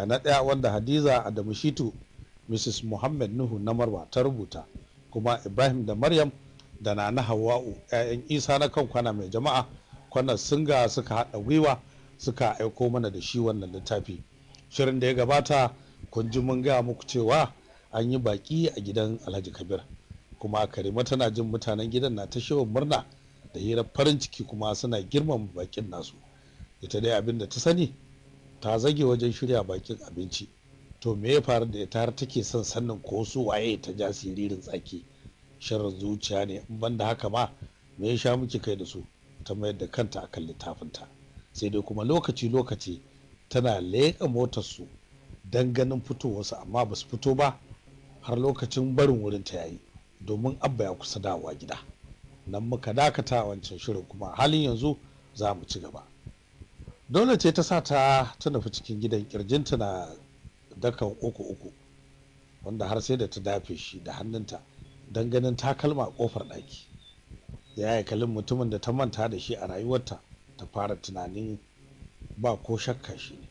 ga na ɗaya wanda hadiza adamu shitu mrs muhammad nuhu na marwa ta rubuta kuma ibrahim da maryam da na na hawa'u 'ya'yan isa na kan kwana mai jama'a kwana singa suka haɗa gwiwa suka aiko mana da shi wannan littafi shirin da ya gabata kun ji mun gaya muku cewa an yi baki a gidan alhaji kabir kuma karima tana jin mutanen gidan na ta shewa murna da hirar farin ciki kuma suna girmama bakin nasu ita dai abin da ta sani ta zage wajen shirya bakin abinci to me ya faru da ita har take son sannan ko su waye ta ja siririn tsaki shirin zuciya ne in banda haka ma me ya sha miki kai da su ta mayar da kanta akan littafinta sai dai kuma lokaci lokaci tana leƙa motar su don ganin fitowarsu amma ba su fito ba har lokacin barin wurin ta yayi domin abba ya kusa dawowa gida nan muka dakata a wancan shirin kuma halin yanzu za mu ci gaba dole ce ta sa ta ta nufi cikin gidan kirjinta na dakan uku uku wanda har sai da ta dafe shi da hannunta don ganin takalma a kofar ɗaki ya yi kalin mutumin da ta manta da shi a rayuwarta ta fara tunanin ba ko shakka shi ne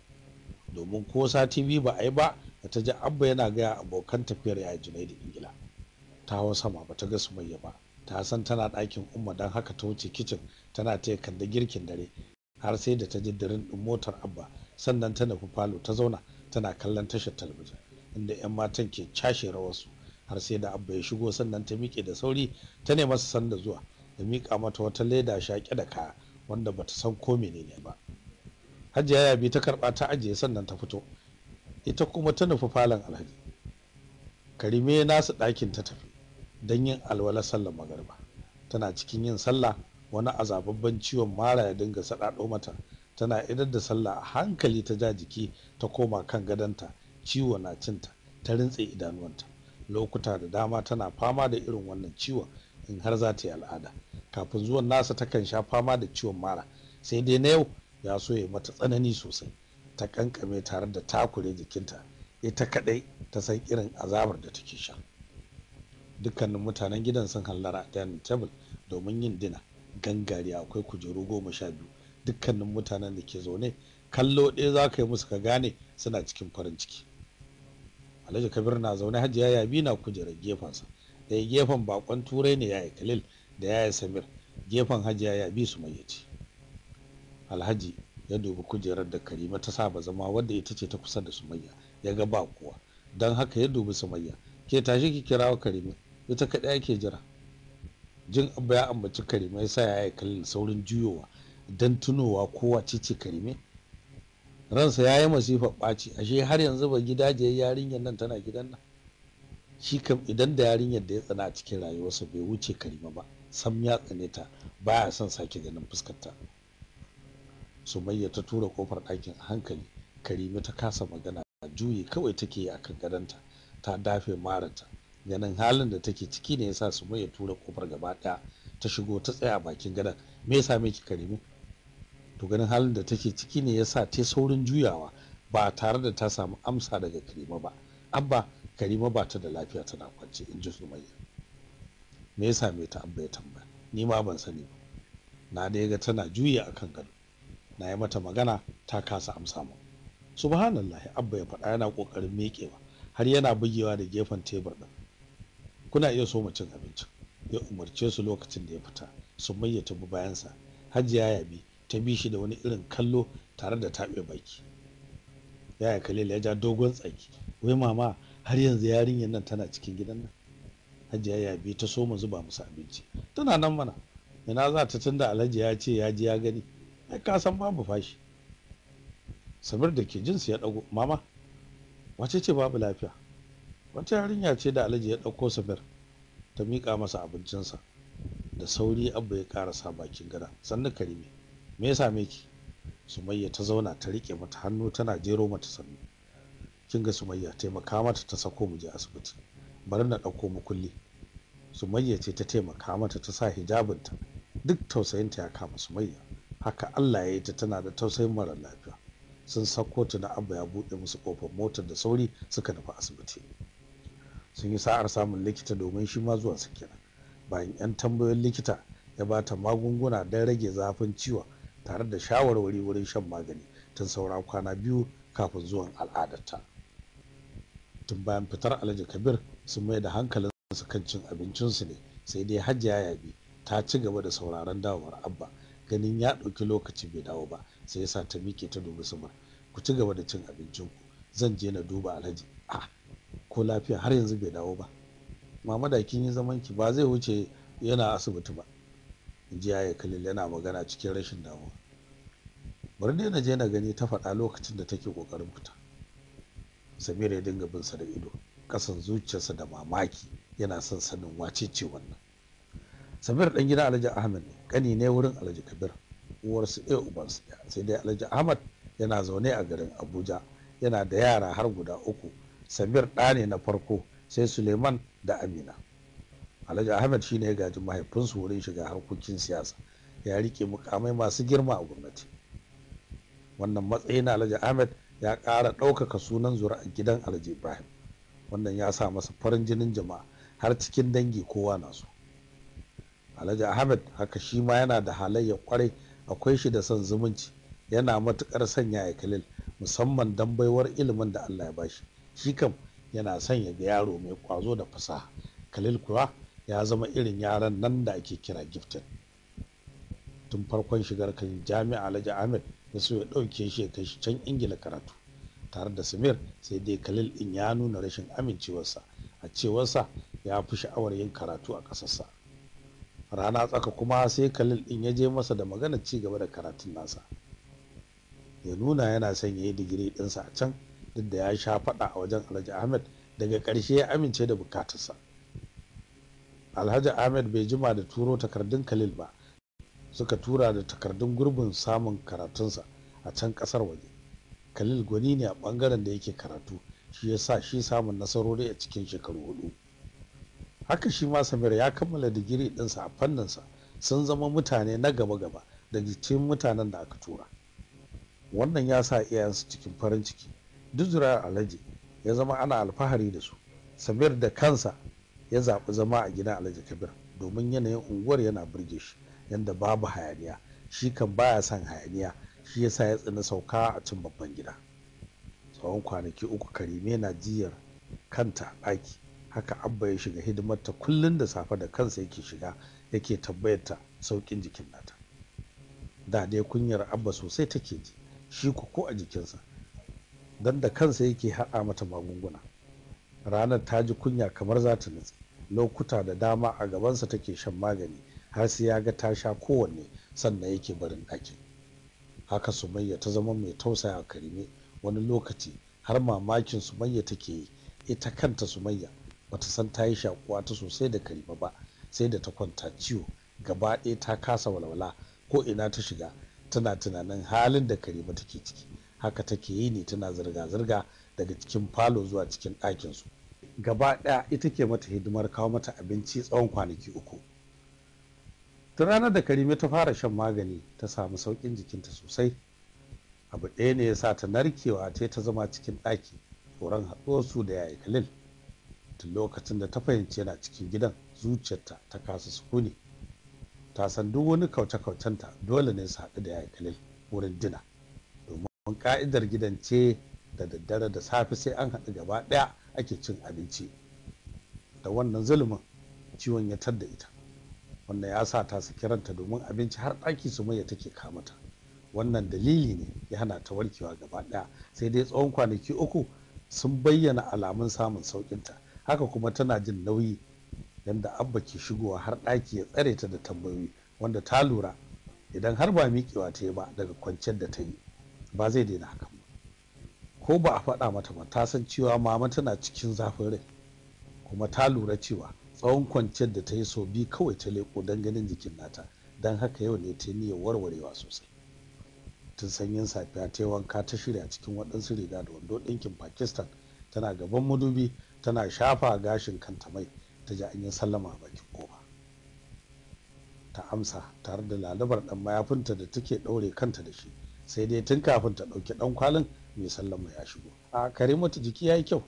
domin ko sati biyu ba a yi ba da ta ji abba yana gaya abokan tafiyar ya junai da ingila ta hau sama ba ta ga sumayya ba ta san tana ɗakin umma don haka ta wuce kicin tana taya kanda girkin dare har sai da ta ji dirin ɗin motar abba sannan ta nufi falo ta zauna tana kallon tashar talabijin inda 'yan matan ke cashe rawarsu har sai da abba ya shigo sannan ta miƙe da sauri ta nema su sanda zuwa da miƙa mata wata leda shaƙe da kaya wanda bata san ko menene ba hajiya biyu ta karɓa ta ajiye sannan ta fito ita kuma ta nufi falon alhaji karime nasu ɗakin ta tafi don yin alwala sallar magarba tana cikin yin sallah wani azababban ciwon mara ya dinga saɗaɗo mata tana idar da sallah a hankali ta ja jiki ta koma kan gadonta ciwo na cinta ta rintse idanuwanta lokuta da dama tana fama da irin wannan ciwon in har za ta yi al'ada kafin zuwan nasa takan sha fama da ciwon mara sai dai na yau ya so ya mata tsanani sosai ta kankame tare da takure jikinta ita kadai ta san irin azabar da take sha dukkanin mutanen gidan sun hallara dining table domin yin dina gangare akwai kujeru goma sha biyu dukkanin mutanen da ke zaune kallo ɗaya za ka yi musu ka gane suna cikin farin ciki alhaji kabir na zaune hajiya bi na kujerar gefensa ɗaya gefen bakon turai ne yaya kalil da yaya samir gefen hajiya biyu su mayyaci alhaji ya dubi kujerar da karima ta saba zama wadda ita ce ta kusa da sumayya ya ga ba kuwa don haka ya dubi sumayya ke tashi ki kirawo karima ita kaɗai ake jira jin Abu ya ambaci karime sa ya yi kallon saurin juyowa don tunowa kowa ce karime ransa ya yi masifar ɓaci ashe har yanzu ba gida je yarinyar nan tana gidan nan shi kam idan da yarinyar da ya tsana a cikin rayuwarsa bai wuce karima ba sam ya tsane ta ba ya son sake ganin fuskarta sumayya ta tura kofar ɗakin a hankali karime ta kasa magana juyi kawai take yi kan gadonta ta dafe marata ganin halin da take ciki ne yasa su ya tura kofar gaba ɗaya ta shigo ta tsaya a bakin gadon me yasa me kika nemi to ganin halin da take ciki ne yasa ta saurin juyawa ba tare da ta samu amsa daga karima ba abba karima ba ta da lafiya tana kwance in ji sumayya me ya me ta abba ya tambaya ni ma ban sani ba na da ga tana juya akan gado na yi mata magana ta kasa amsa mu subhanallah abba ya faɗa yana ƙoƙarin mekewa har yana bugewa da gefen tebur ɗin kuna iya so cin abinci ya umarce su lokacin da ya fita su ta tabi bayansa hajiya ya bi ta bi shi da wani irin kallo tare da taɓe baki yaya kalila ya ja dogon tsaki wai mama har yanzu yarinyar nan tana cikin gidan nan hajiya ya bi ta so mu zuba musu abinci tana nan mana ina za ta tunda alhaji ya ce ya ji ya gani ai ka san babu fashi sabir da ke jinsu ya dago mama wace ce babu lafiya wata yarinya ce da alhaji ya ɗauko Safiyar ta miƙa masa abincinsa da sauri abba ya ƙarasa bakin gada sannu karime me ya same ki sumayya ta zauna ta riƙe mata hannu tana jero mata sannu kin ga sumayya taimaka mata ta sako mu je asibiti bari na ɗauko mu kulli sumayya ce ta taimaka mata ta sa hijabinta duk tausayinta ya kama sumayya haka allah ya yi ta tana da tausayin mara lafiya sun sako ta na abba ya buɗe musu ƙofar motar da sauri suka nufi asibiti sun yi sa'ar samun likita domin shi ma zuwa su kenan bayan 'yan tambayoyin likita ya ba ta magunguna don rage zafin ciwon tare da shawarwari wurin shan magani tun saura kwana biyu kafin zuwan al'adarta tun bayan fitar alhaji kabir sun mai da hankalinsu kan cin abincinsu ne sai dai hajiya yabi ta ci gaba da sauraron dawowar abba ganin ya ɗauki lokaci bai dawo ba sai ya sa ta miƙe ta dubi sumar ku ci gaba da cin abincinku zan je na duba alhaji a ah, ko lafiya har yanzu bai dawo ba mamada kin yi zaman ki ba zai wuce yana asibiti ba jiya ya kalil yana magana cikin rashin damuwa bari dai na je na gani ta faɗa lokacin da take ƙoƙarin fita samira ya dinga bin sa da ido ƙasan zuciyarsa da mamaki yana son sanin wace ce wannan Samira dan gida alhaji ahmed ne kani ne wurin alhaji kabir uwarsu ɗaya ubansu ɗaya sai dai alhaji ahmad yana zaune a garin abuja yana da yara har guda uku samir ɗa ne na farko sai suleiman da amina alhaji ahmed shine ya gaji mahaifinsu wurin shiga harkokin siyasa ya rike mukamai masu girma a gwamnati wannan matsayin alhaji ahmed ya ƙara ɗaukaka sunan zura a gidan alhaji ibrahim wannan ya sa masa farin jinin jama'a har cikin dangi kowa na so alhaji ahmed haka shi ma yana da halayya kwarai akwai shi da son zumunci yana matukar sanya ya kalil musamman don baiwar ilimin da allah ya bashi shi kam yana son ya ga yaro mai kwazo da fasaha khalil kuwa ya zama irin yaran nan da ake kira gifted tun farkon shigar kan jami'a alhaji ahmed ya so ya ɗauke shi ya kai shi can ingila karatu tare da samir sai dai khalil in ya nuna rashin amincewarsa a cewarsa ya fi sha'awar yin karatu a ƙasarsa rana tsaka kuma sai khalil din ya je masa da magana ci gaba da karatun nasa ya nuna yana son ya yi digiri ɗinsa a can din da ya sha faɗa a wajen alhaji ahmed daga ƙarshe ya amince da bukatarsa alhaji ahmed bai jima da turo takardun khalil ba suka tura da takardun gurbin samun karatunsa a can ƙasar waje khalil gwani ne a ɓangaren da yake karatu shi ya sa shi samun nasarori a cikin shekaru hudu haka shi ma samir ya kammala digiri ɗinsa a fanninsa sun zama mutane na gaba-gaba daga cikin mutanen da aka tura wannan ya sa iyayensu cikin farin ciki duk zuriyar alhaji ya zama ana alfahari da su samir da kansa ya zaɓi zama a gidan alhaji kabir domin yanayin unguwar yana burge shi yadda babu hayaniya shi kan baya son hayaniya shi yasa ya tsina sauka a cin babban gida tsawon kwanaki uku karime na jiyar kanta ɗaki haka abba ya shiga hidimarta kullum da safe da kansa yake shiga yake ta saukin jikin nata da dai kunyar abba sosai take ji shi ko a jikinsa don da kansa yake haɗa mata magunguna ranar ta ji kunya kamar za ta nutse lokuta da dama a gabansa take shan magani har sai ya ga ta sha kowanne sannan yake barin ɗakin haka sumayya ta zama mai tausaya karime wani lokaci har mamakin sumayya take yi ita kanta sumayya bata san ta yi shakuwa ta sosai da karima ba sai da ta kwanta ciwo gaba ɗaya ta kasa walwala ko ina ta shiga tana tunanin halin da karima take ciki haka take yi ne tana zirga-zirga daga cikin falo zuwa cikin ɗakinsu gaba ɗaya ita ke mata hidimar kawo mata abinci tsawon kwanaki uku tun ranar da karime ta fara shan magani ta samu sauƙin jikinta sosai abu ɗaya ne ya sa ta narkewa ta ta zama cikin ɗaki horon haɗuwar su da yayi khalil tun lokacin da ta fahimci yana cikin gidan zuciyarta ta kasa sukuni ta san duk wani kauce-kaucenta dole ne su haɗu da yayi khalil wurin dina mun ka'idar gidan ce da daddare da safe sai an haɗu gaba ɗaya ake cin abinci da wannan zulumin ciwon ya tar da ita wannan ya sa ta su kiranta domin abinci har ɗaki su mai take kamata wannan dalili ne ya hana ta warkewa gaba ɗaya sai dai tsawon kwanaki uku sun bayyana alamun samun sauƙinta haka kuma tana jin nauyi yadda abba ke shigowa har ɗaki ya tsare ta da tambayoyi wanda ta lura idan har ba miƙewa ta yi ba daga kwanciyar da ta yi ba zai daina haka ko ba a faɗa mata ba ta san cewa mama tana cikin zafin rai kuma ta lura cewa tsawon kwanciyar da ta yi sau biyu kawai ta leƙo don ganin jikin nata don haka yau ne ta yi niyyar warwarewa sosai tun sanyin safiya ta yi wanka ta shirya cikin waɗansu riga da wando ɗinkin pakistan tana gaban madubi tana shafa gashin kanta mai ta ji an yi sallama bakin kofa ta amsa tare da lalabar ɗan mayafinta da take ɗaure kanta da shi sai dai tun kafin ta ɗauki ɗan kwalin mai sallama ya shigo a kare mata jiki ya yi kyau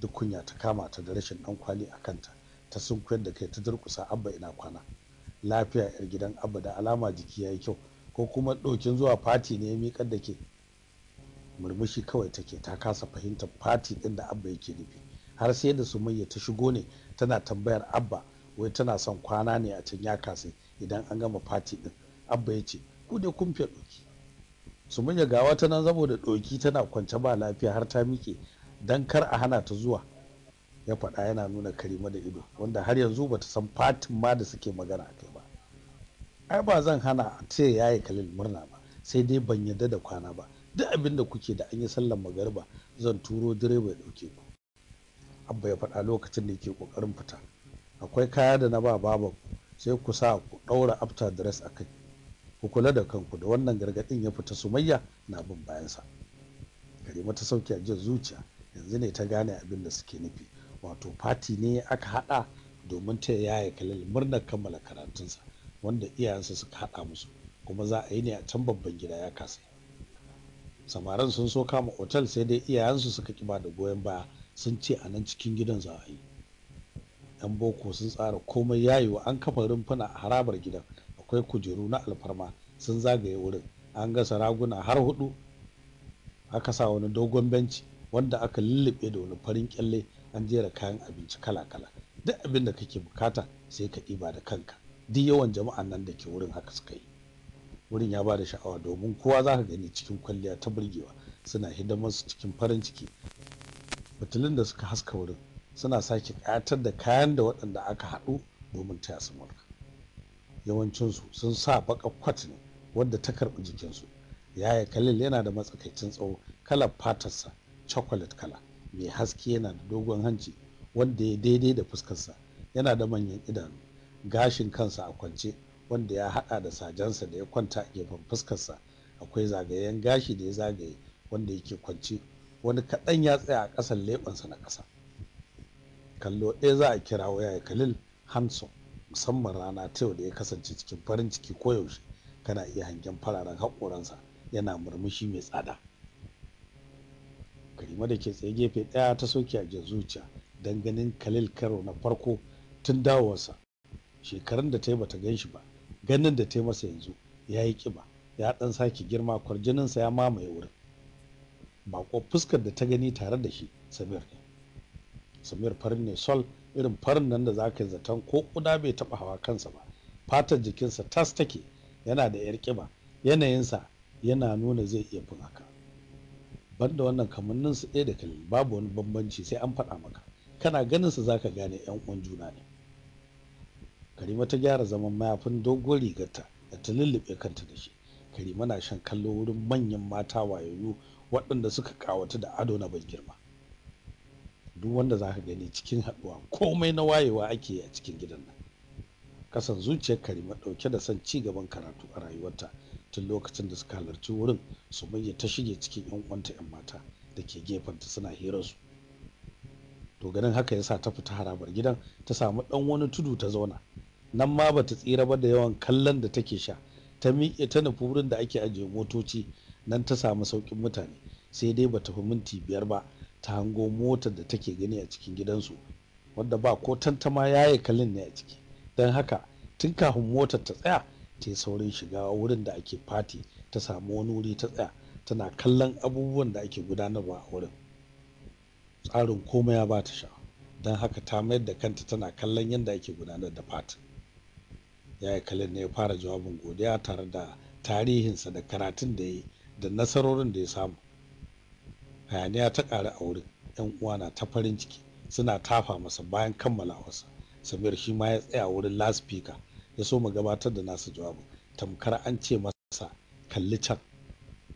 duk kunya ta kama ta da rashin ɗan kwali a kanta ta sunkuyar da kai ta durkusa abba ina kwana lafiya yar gidan abba da alama jiki ya yi kyau ko kuma ɗokin zuwa fati ne ya miƙar da ke murmushi kawai take ta kasa fahimtar fati ɗin da abba yake nufi har sai da sumayya ta shigo ne tana tambayar abba wai tana son kwana ne a can ya kasa idan an gama fati ɗin abba ya ce ku ne kun fiye ɗoki su munya ga wata nan zamo da ɗoki tana kwance ba lafiya har ta miƙe don kar a hana ta zuwa ya faɗa yana nuna karima da ido wanda har yanzu bata san fatin ma da suke magana a kai ba ai ba zan hana a ce yayi kalil murna ba sai dai ban yadda da kwana ba duk abin da kuke da an yi sallar magariba zan turo direba ya ɗauke ku abba ya faɗa lokacin da yake ƙoƙarin fita akwai kaya da na ba baban sai ku sa ku ɗaura after dress a kai ku kula da kanku da wannan gargaɗin ya fita sumayya na bin bayansa mata ta a ajiyar zuciya yanzu ne ta gane abin da suke nufi wato fati ne aka haɗa domin ta yaya kalal murnar kammala karatunsa wanda iyayensa suka haɗa musu kuma za a yi ne a can babban gida ya kasa Samarin sun so kama otal sai dai iyayensu suka kiba da goyon baya sun ce a nan cikin gidan za a yi yan boko sun tsara komai wa an kafa rumfuna a harabar gidan akwai kujeru na alfarma sun zagaye wurin an gasa raguna har hudu aka sa wani dogon benci wanda aka lullube da wani farin kyalle an jera kayan abinci kala-kala duk abin da kake bukata sai ka ɗiba da kanka duk yawan jama'an nan da ke wurin haka suka yi wurin ya ba da sha'awa domin kowa za ka gani cikin kwalliya ta burgewa suna hidimar su cikin farin ciki fitilun da suka haska wurin suna sake ƙayatar da kayan da waɗanda aka haɗu domin taya su murka yawancinsu sun sa baka kwat ne wanda ta karɓi jikinsu yaya kalil yana da matsakaicin tsawo kalar fatarsa chocolate kala mai haske yana da dogon hanci wanda ya daidai da fuskarsa yana da manyan idanu gashin kansa a kwance wanda ya haɗa da sajansa da ya kwanta a gefen fuskarsa akwai zagayen gashi da ya zagaye wanda yake kwance wani kaɗan ya tsaya a ƙasan leɓensa na ƙasa kallo ɗaya za a kira waya kalil handsome musamman rana ta yau da ya kasance cikin farin ciki koyaushe kana iya hangen fararen haƙoransa yana murmushi mai tsada karima da ke tsaye gefe ɗaya ta soke a zuciya don ganin Kalil karo na farko tun dawowarsa shekarun da ta yi bata gan shi ba ganin da ta yi masa yanzu ya yi ƙiba ya ɗan sake girma kwarjininsa ya mamaye wurin bako fuskar da ta gani tare da shi samir ne samir farin ne sol irin farin nan da za ka yi zaton ko kuda bai taba hawa kansa ba fatar jikinsa tas take yana da yar kiba yanayinsa yana nuna zai iya bin haka banda wannan kamannin su ɗaya da kalli babu wani bambanci sai an faɗa maka kana ganin su zaka gane yan uwan juna ne karima ta gyara zaman mayafin dogon rigarta da ta lullube kanta da shi karima na shan kallo wurin manyan mata wayoyo waɗanda suka kawatu da ado na ban girma duk wanda za ka gani cikin haɗuwa komai na wayewa ake a cikin gidan nan kasan zuciyar karima ɗauke da son ci gaban karatu a rayuwarta tun lokacin da suka halarci wurin su manya ta shige cikin yan uwanta yan mata da ke gefenta suna hirar su to ganin haka yasa ta fita harabar gidan ta samu ɗan wani tudu ta zauna nan ma bata tsira ba da yawan kallon da take sha ta miƙe ta nufi wurin da ake ajiye motoci nan ta samu sauƙin mutane sai dai bata fi minti biyar ba ta hango motar da take gani a cikin gidansu wadda ba ko tantama yaye kalin ne a ciki don haka tun kafin motar ta tsaya ta yi saurin shiga wurin da ake fati ta samu wani wuri ta tsaya tana kallon abubuwan da ake gudanarwa a wurin tsarin komai ya ba ta sha don haka ta mayar da kanta tana kallon yadda ake gudanar da fati yaye kalin ne ya fara jawabin godiya tare da tarihinsa da karatun da ya yi da nasarorin da ya samu hayaniya ta ƙara a wurin yan uwa na ta farin ciki suna tafa masa bayan kammala wasa samir shi ma ya tsaya wurin speaker ya so mu gabatar da nasu jawabin tamkar an ce masa kalli can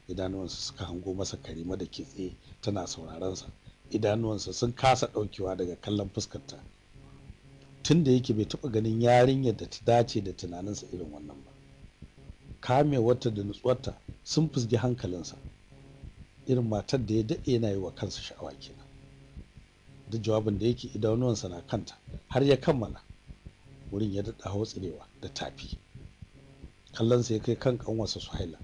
idanuwansa suka hango masa karima da ke tsaye tana sa, idanuwansa sun kasa ɗaukewa daga kallon fuskarta tun da yake bai taɓa ganin yarinyar da ta dace da tunaninsa irin wannan ba kame da nutsuwarta sun fusgi hankalinsa irin matar da ya daɗe yana yi wa kansa sha'awa kenan duk jawabin da yake idanuwansa na kanta har ya kammala wurin ya daɗa hautsirewa da tafi kallonsa ya kai kan ƙanwarsa suhaila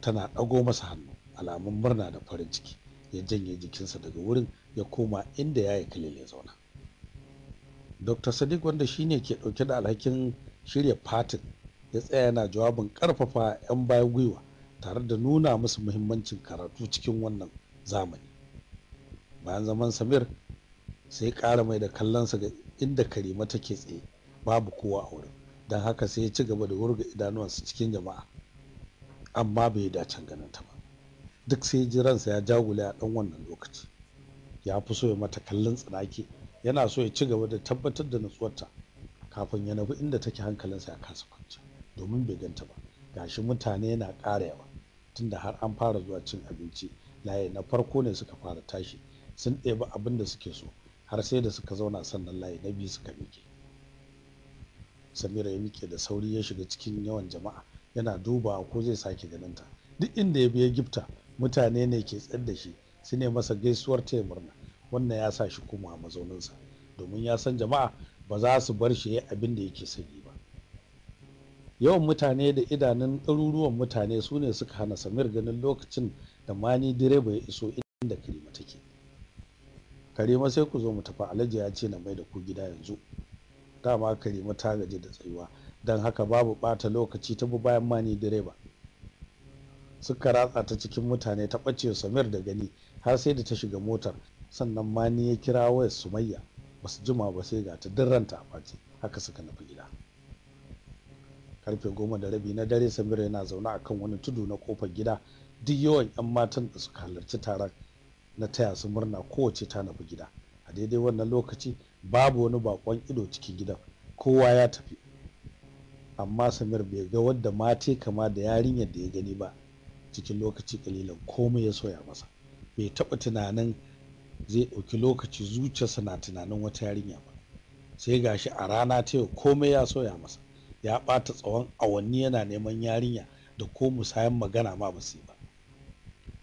tana ɗago masa hannu alamun murna da farin ciki ya janye jikinsa daga wurin ya koma inda ya yi kalil ya zauna dr sadiq wanda shine ke ɗauke da alhakin shirya fatin ya tsaya yana jawabin ƙarfafa 'yan bayan gwiwa tare da nuna musu muhimmancin karatu cikin wannan zamani bayan zaman samir sai ƙara mai da kallonsa ga inda karima take tsaye babu kowa a wurin don haka sai ya ci gaba da wurga idanuwansa cikin jama'a amma bai dace ganin ta ba duk sai ji ya jagula a ɗan wannan lokaci ya fi so ya mata kallon tsinaki. yana so ya ci gaba da tabbatar da nutsuwarta kafin ya nufi inda take hankalinsa ya kasa kwanci domin bai ganta ba gashi mutane yana ƙara yawa tunda har an fara zuwa cin abinci layi na farko ne suka fara tashi sun ɗebi abin da suke so har sai da suka zauna sannan layi na biyu suka miƙe samira ya miƙe da sauri ya shiga cikin yawan jama'a yana dubawa ko zai sake ganin ta duk inda ya biya gifta mutane ne ke tsar da shi su ne masa gaisuwar taya murna wannan ya sa shi kuma a mazauninsa domin ya san jama'a ba za su bar shi ya abin da yake sanyi yawan mutane da idanun ɗaruruwan mutane su ne suka hana samir ganin lokacin da mani direba ya iso inda karima take karima sai ku zo mu tafi alhaji ya ce na mai da ku gida yanzu dama karima ta gaji da tsayuwa don haka babu ɓata lokaci ta bi bayan mani direba suka ratsa ta cikin mutane ta ɓace samir da gani har sai da ta shiga motar sannan mani ya kira wayar sumayya ba su jima ba sai ga ta dirranta a ɓace haka suka nufi gida karfe goma da rabi na dare samira yana zaune a kan wani tudu na kofar gida duk yawan 'yan matan da suka halarci taron na taya su murna kowace ta nufi gida a daidai wannan lokaci babu wani bakon ido cikin gidan kowa ya tafi amma samir bai ga wadda mate kama da yarinyar da ya gani ba cikin lokaci kalilan komai ya soya masa bai taba tunanin zai ɗauki lokaci zuciyarsa na tunanin wata yarinya ba sai gashi a rana ta yau komai ya soya masa ya ɓata tsawon awanni yana neman yarinya da ko musayan magana ma ba su ba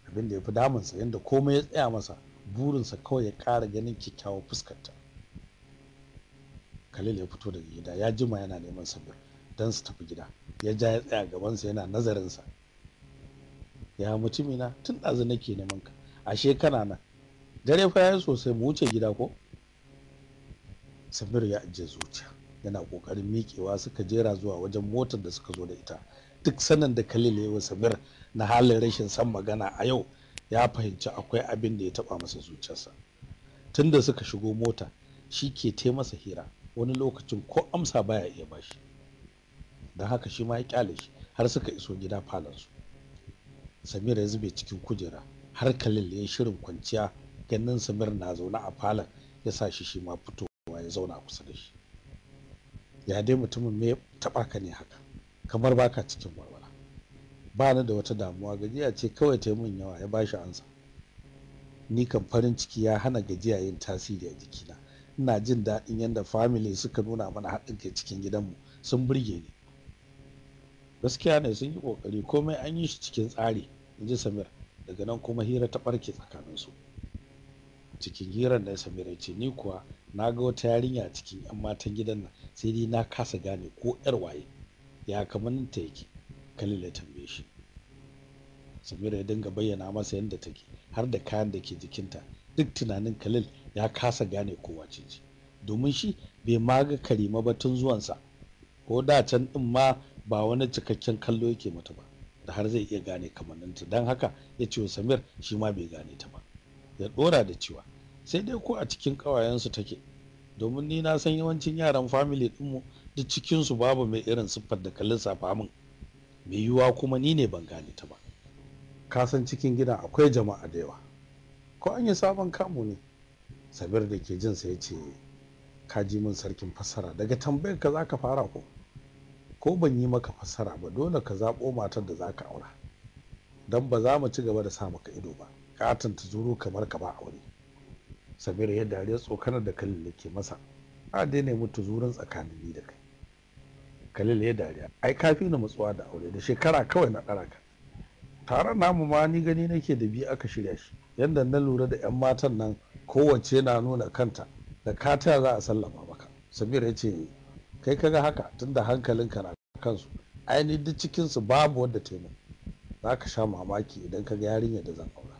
abin da ya fi damunsa yadda komai ya tsaya masa burinsa kawai ya ƙara ganin kyakkyawar fuskarta Kalil ya fito daga gida ya jima yana neman sabir don su tafi gida ya ja ya tsaya gabansa yana nazarinsa ya mutumina tun ɗazu nake neman ka ashe kana nan dare fa ya yi sosai mu wuce gida ko samir ya ajiye zuciya yana kokarin miƙewa suka jera zuwa wajen motar da suka zo da ita duk sanin da kalil ya wa samir na halin rashin san magana a yau ya fahimci akwai abin da ya taba masa zuciyarsa tunda suka shigo mota shi ke masa hira wani lokacin ko amsa baya iya bashi don haka shi ma ya kyale shi har suka iso gida falansu samir ya zube cikin kujera har kalil ya shirin kwanciya ganin samir na zaune a falon ya sa shi shi ma fitowa ya zauna kusa da shi ya dai mutumin me taɓaka ka ne haka kamar baka cikin walwala ba ni da wata damuwa gajiya ce kawai ta mun yawa ya bashi ansa ni kan farin ciki ya hana gajiya yin tasiri a jikina ina jin daɗin yadda family suka nuna mana haɗin kai cikin gidanmu sun burge ni gaskiya ne sun yi ƙoƙari komai an yi shi cikin tsari in ji samir daga nan kuma hira ta ɓarke tsakaninsu cikin hirar da samir ya ce ni kuwa na ga wata yarinya cikin 'yan matan gidan nan sai dai na kasa gane ko yar waye ya kamar ta yake kalil ya tambaye shi samira ya dinga bayyana masa yadda take har da kayan da ke jikinta duk tunanin kalil ya kasa gane ko wace ce domin shi bai maga karima ba tun zuwansa ko da can din ma ba wani cikakken kallo yake mata ba da har zai iya gane kamanninta don haka ya ce wa samir shi ma bai gane ta ba ya ɗora da cewa sai dai ko a cikin ƙawayensu take domin ni na san yawancin yaran family dinmu duk su babu mai irin siffar da kallon safa min mai yiwuwa kuma ni ne ban gane ta ba ka san cikin gida akwai jama'a da yawa ko an yi sabon kamu ne sabir da ke jin sai ce ka ji min sarkin fassara daga tambayar ka za ka fara ko ko ban yi maka fassara ba dole ka zaɓo matar da za ka aura don ba za mu ci gaba da sa maka ido ba katin ta zuru kamar ka ba aure Samira ya dariya tsokanar da Kalila ke masa. A daina mutu zurin tsakanin ni da kai. kalil ya dariya. Ai kafi na matsuwa da aure da shekara kawai na ɗara ka. Taron namu ma ni gani nake da biyu aka shirya shi. Yadda na lura da 'yan matan nan kowace na nuna kanta da kata za a sallama maka. Samira ya ce kai ka ga haka tunda hankalinka na kansu. Ai duk cikinsu babu wanda taimaka. za ka sha mamaki idan ka ga yarinya da zan aura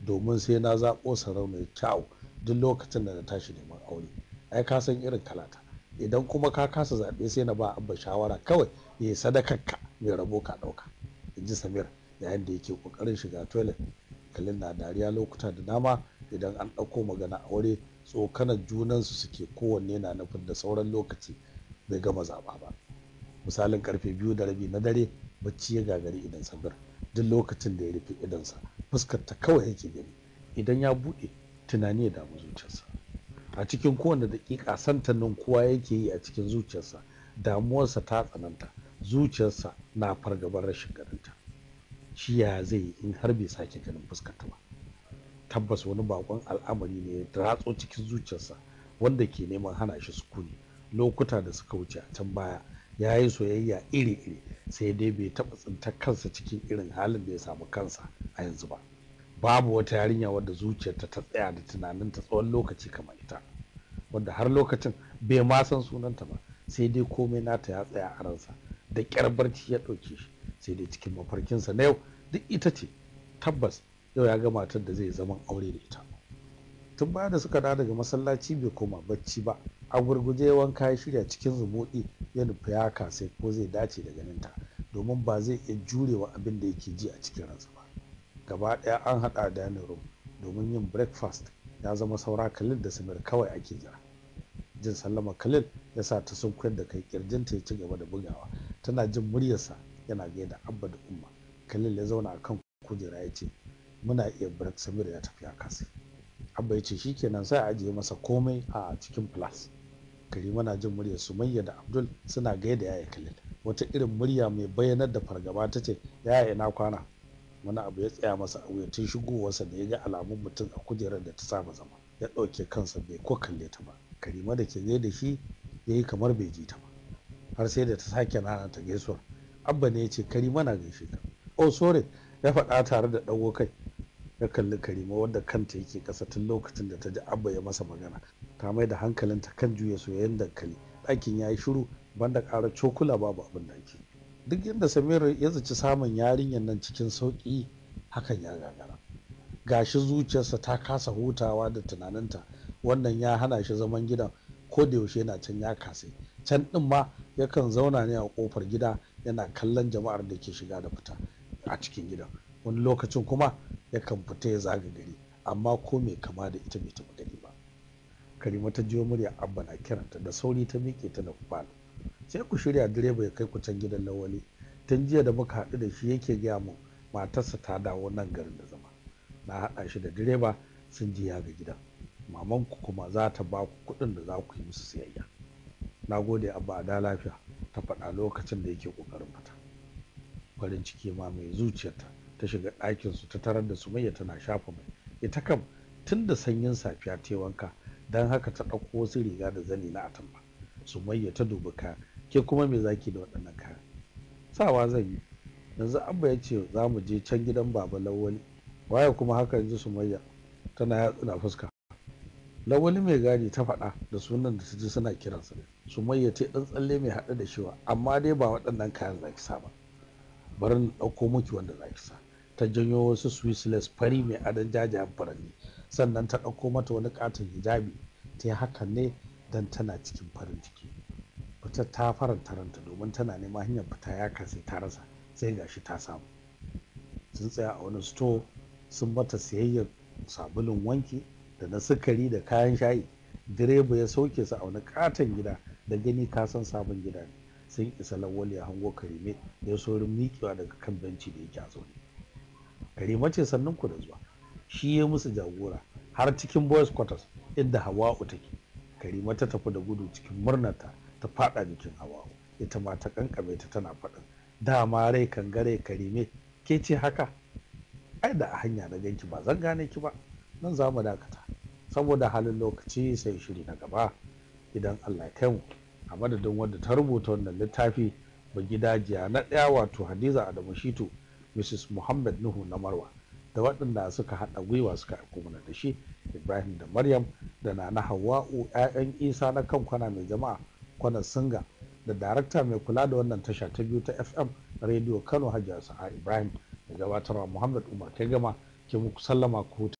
domin sai na zaɓo sarauniya, kyau duk lokacin da na tashi neman aure ai ka san irin kalata idan kuma ka kasa zaɓe sai na ba abba shawara kawai ya yi sadakarka mai rabo ka ɗauka in ji samir yayin da yake ƙoƙarin shiga toilet kalin na dariya lokuta da dama idan an ɗauko magana aure tsokanar junansu suke kowanne na nufin da sauran lokaci bai gama zaɓa ba misalin karfe biyu da rabi na dare bacci ya gagari idan samir duk lokacin da ya rufe idonsa fuskar ta kawai yake gani idan ya buɗe tunani ya damu zuciyarsa a cikin kowane daƙiƙa santannin kowa yake yi a cikin zuciyarsa damuwarsa ta tsananta zuciyarsa na fargabar rashin ganinta shi ya zai yi in har bai sake ganin fuskarta ba tabbas wani bakon al'amari ne ya ratso cikin zuciyarsa wanda ke neman hana shi sukuni lokuta da suka wuce a can baya ya yi soyayya iri-iri sai dai bai taɓa tsintar kansa cikin irin halin da ya samu kansa a yanzu ba. babu wata yarinya wadda zuciyarta ta tsaya da tunaninta tsawon lokaci kamar ita wadda har lokacin bai ma san sunanta ba sai dai komai nata ya tsaya a ransa da ƙyar barci ya ɗauke shi sai dai cikin mafarkinsa na yau duk ita ce tabbas yau ya ga matar da zai zaman aure da ita tun baya da suka dawo daga masallaci bai koma bacci ba a gurguje wanka ya shirya cikin zumuɗi ya nufi ya sai ko zai dace da ganinta domin ba zai iya jurewa abin da yake ji a cikin ransa gaba ɗaya an haɗa dining room domin yin breakfast ya zama saura khalil da samir kawai ake jira jin sallama khalil ya sa ta sun da kai kirjinta ya ci gaba da bugawa tana jin muryarsa yana gaida abba da umma khalil ya zauna akan kujera ya ce muna iya break samir ya tafi a kasa abba ya ce shikenan sai a ajiye masa komai a cikin plus karima na jin muryar sumayya da abdul suna gaida yaya khalil wata irin murya mai bayyanar da fargaba ta ce yaya ina kwana wani abu ya tsaya masa a wuya tun shigowarsa da ya ga alamun mutum a kujerar da ta saba zama ya ɗauke kansa bai ko kalle ta ba karima da ke da shi ya yi kamar bai ji ta ba har sai da ta sake nana ta gaisuwar abba ne ya ce karima na gaishe ka oh sore ya faɗa tare da ɗago kai ya kalli karima wadda kanta yake ƙasa tun lokacin da ta ji abba ya masa magana ta mai da hankalinta kan juya soyayyen dankali ɗakin ya yi shiru banda ƙara cokula babu abin da ake duk yadda samir ya zaci samun yarinyar nan cikin sauƙi hakan ya gagara gashi zuciyarsa ta kasa hutawa da tunaninta wannan ya hana shi zaman gidan ko da yaushe yana can ya kasai. can din ma yakan zauna ne a kofar gida yana kallon jama'ar da ke shiga da fita a cikin gidan wani lokacin kuma yakan fita ya zaga gari amma ko mai kama da ita bai taɓa gari ba karima ta jiyo murya abba na kiranta da sauri ta miƙe ta na sai ku shirya direba ya kai ku can gidan lawali tun jiya da muka haɗu da shi yake gaya mu matarsa ta dawo nan garin da zama na haɗa shi da direba sun ji ya ga gidan mamanku kuma za ta ba ku kuɗin da za ku yi musu siyayya na gode abba a da lafiya ta faɗa lokacin da yake ƙoƙarin fita farin ciki ma mai zuciyarta ta shiga ɗakin su ta tarar da su sumayya tana shafa mai ita kam tun da sanyin safiya ta wanka don haka ta ɗauko wasu riga da zani na atamfa sumayya ta dubi kaya. ke kuma me zaki da waɗannan kayan sawa zan yi yanzu abba ya ce za mu je can gidan baba lawali waye kuma haka yanzu sumayya tana yatsuna fuska lawali mai gadi ta faɗa da sunan da ta ji suna kiransa sumayya ta ɗan tsalle mai haɗe da shiwa amma dai ba waɗannan kayan zaki sa ba bari na ɗauko miki wanda zaki sa ta janyo wasu swissless fari mai adon jajayen furanni sannan ta ɗauko mata wani ƙaton hijabi ta yi hakan ne don tana cikin farin ciki wata ta faranta ranta domin tana neman hanyar fita ya kasa ta rasa sai ga shi ta samu sun tsaya a wani store sun bata siyayyar sabulun wanki da na sukari da kayan shayi direba ya sauke su a wani katon gida da gani ka san sabon gida ne sun isa lawali a hango karime ya saurin miƙewa daga kan benci da yake a zaune karima ce sannan ku da zuwa shi ya musu jagora har cikin boys quarters inda hawa'u take karima ta tafi da gudu cikin murnarta ta fada jikin hawawu ita ma ta kankame ta tana faɗin dama rai kan gare karime ke ce haka ai da a hanya na ganki ba zan gane ki ba nan za mu dakata saboda halin lokaci sai shiri na gaba idan allah kai mu a madadin wanda ta rubuta wannan littafi ba jiya na ɗaya wato hadiza adamu shitu mrs muhammad nuhu na marwa da waɗanda suka haɗa gwiwa suka aiko mana da shi ibrahim da maryam da nana hawa'u 'ya'yan isa na kan kwana mai jama'a kwanan singa da darakta mai kula da wannan tasha ta biyu ta fm radio kano hajjia sa'a ibrahim da gabatarwa muhammad umar kai gama ke muku sallama ku